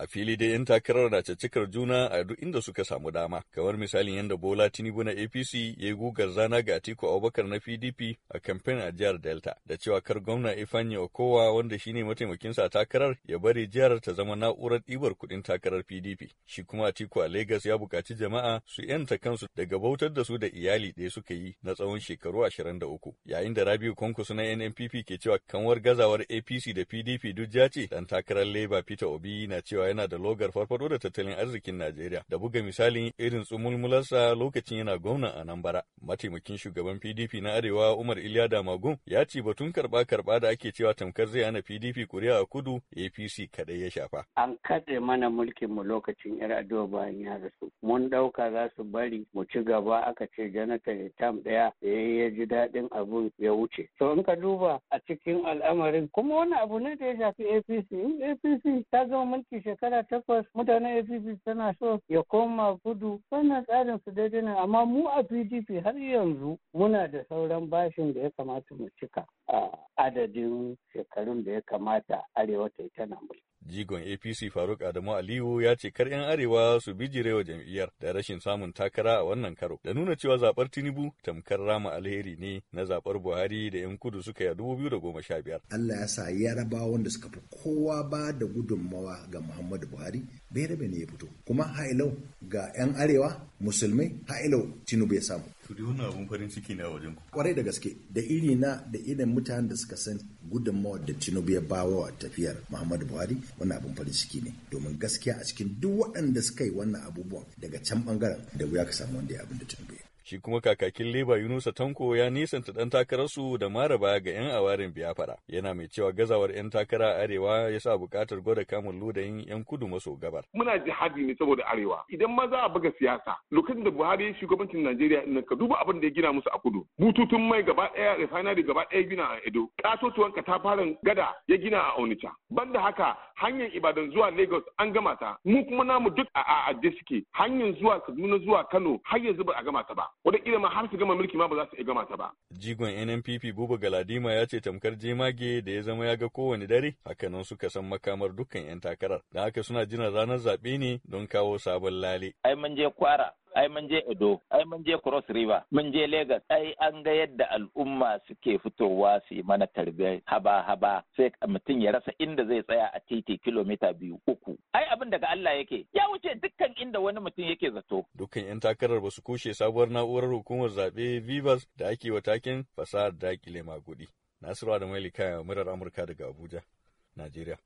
A fili dai 'yan takarar na caccakar juna a duk inda suka samu dama, kamar misalin yadda Bola Tinubu na APC ya yi gugar zana ga Atiku Abubakar na PDP a kamfen a jihar Delta, da cewa kar gwamna Ifeanyi Okowa wanda shine mataimakinsa a takarar ya bari jihar ta zama na'urar ɗibar kuɗin takarar PDP. Shi kuma Atiku a Legas ya buƙaci jama'a su 'yanta kansu daga bautar da su da iyali ɗaya suka yi na tsawon shekaru ashirin da uku. Yayin da Rabiu Kwankwaso na NNPP ke cewa kanwar gazawar APC da PDP duk ce, dan takarar Labour Peter Obi na cewa yana da logar farfado da tattalin arzikin Najeriya da buga misalin irin tsumulmularsa lokacin yana gwamna a nan bara. Mataimakin shugaban PDP na Arewa Umar Iliya Damagun ya ce batun karɓa-karɓa da ake cewa tamkar zai hana PDP kuri'a a kudu APC kadai ya shafa. An katse mana mulkin mu lokacin yar Adua bayan ya rasu. Mun ɗauka za su bari mu ci gaba aka ce janata ya tam ɗaya. da ya ji daɗin abun ya wuce. To in ka duba a cikin al'amarin kuma wani abu ne da ya shafi APC APC ta zama mulki shekaru shekara takwas mutanen APC tana so ya koma gudu wannan tsarin su daidai ne amma mu a PDP har yanzu muna da sauran bashin da ya kamata mu cika a adadin shekarun da ya kamata arewa ta yi tana mulki. Jigon APC Faruk Adamu Aliyu ya ce kar 'yan Arewa su wa jam'iyyar da rashin samun takara a wannan karo da nuna cewa zaɓar Tinubu tamkar rama alheri ne na zaɓar Buhari da 'yan kudu suka yi sha 2015. Allah ya sa yarabawan da suka fi kowa ba da gudunmawa ga Muhammadu Buhari bai rabe ne ya fito kuma ha'ilau ga 'yan arewa musulmai ha'ilau Tinubu ya samu. to wannan abun farin ciki ne a wajen ku kwarai da gaske da iri na da irin mutanen da suka san gudunmawa da tinubu ya bawa tafiyar muhammadu buhari wannan abin farin ciki ne domin gaskiya a cikin duk waɗanda suka yi wannan abubuwan daga can bangaren da wuya ka samu wanda ya abin da tambaye Shi kuma kakakin Leba Yunusa Tanko ya nisanta ɗan takararsu da maraba ga 'yan awarin biyafara. Yana mai cewa gazawar 'yan takara arewa ya sa bukatar gwada kamun ludayin 'yan kudu maso gabar. Muna jihadi ne saboda arewa. Idan ma za a buga siyasa, lokacin da Buhari ya shugabancin Najeriya in ka duba abin da ya gina musu a kudu. Bututun mai gaba ɗaya refinery gaba ɗaya gina a Edo. Ƙatotuwan katafaren gada ya gina a Onitsha. Banda haka hanyar Ibadan zuwa Lagos an gama ta. Mu kuma namu duk a a suke. Hanyar zuwa Kaduna zuwa Kano har yanzu ba a gama ta ba. wataƙila ma har su gama mulki ma ba za su iya gama ta ba. Jigon NNPP Buba Galadima ya ce tamkar jemage da ya zama ya ga kowane dare hakanan suka san makamar dukkan 'yan takarar da haka suna jiran ranar zaɓe ne don kawo sabon lale. Ai mun je kwara ai mun je Edo, ai mun je Cross River, mun je Lagos, ai an ga yadda al'umma suke fitowa su yi mana tarbe haba-haba sai mutum ya rasa inda zai tsaya a titi kilomita biyu uku. Ai abin daga Allah yake, ya wuce dukkan inda wani mutum yake zato. Dukkan 'yan takarar basu kushe sabuwar na'urar hukumar zaɓe Vivas da ake wa takin fasahar dakile magudi. Nasiru Adamu Kaya, murar Amurka daga Abuja, Najeriya.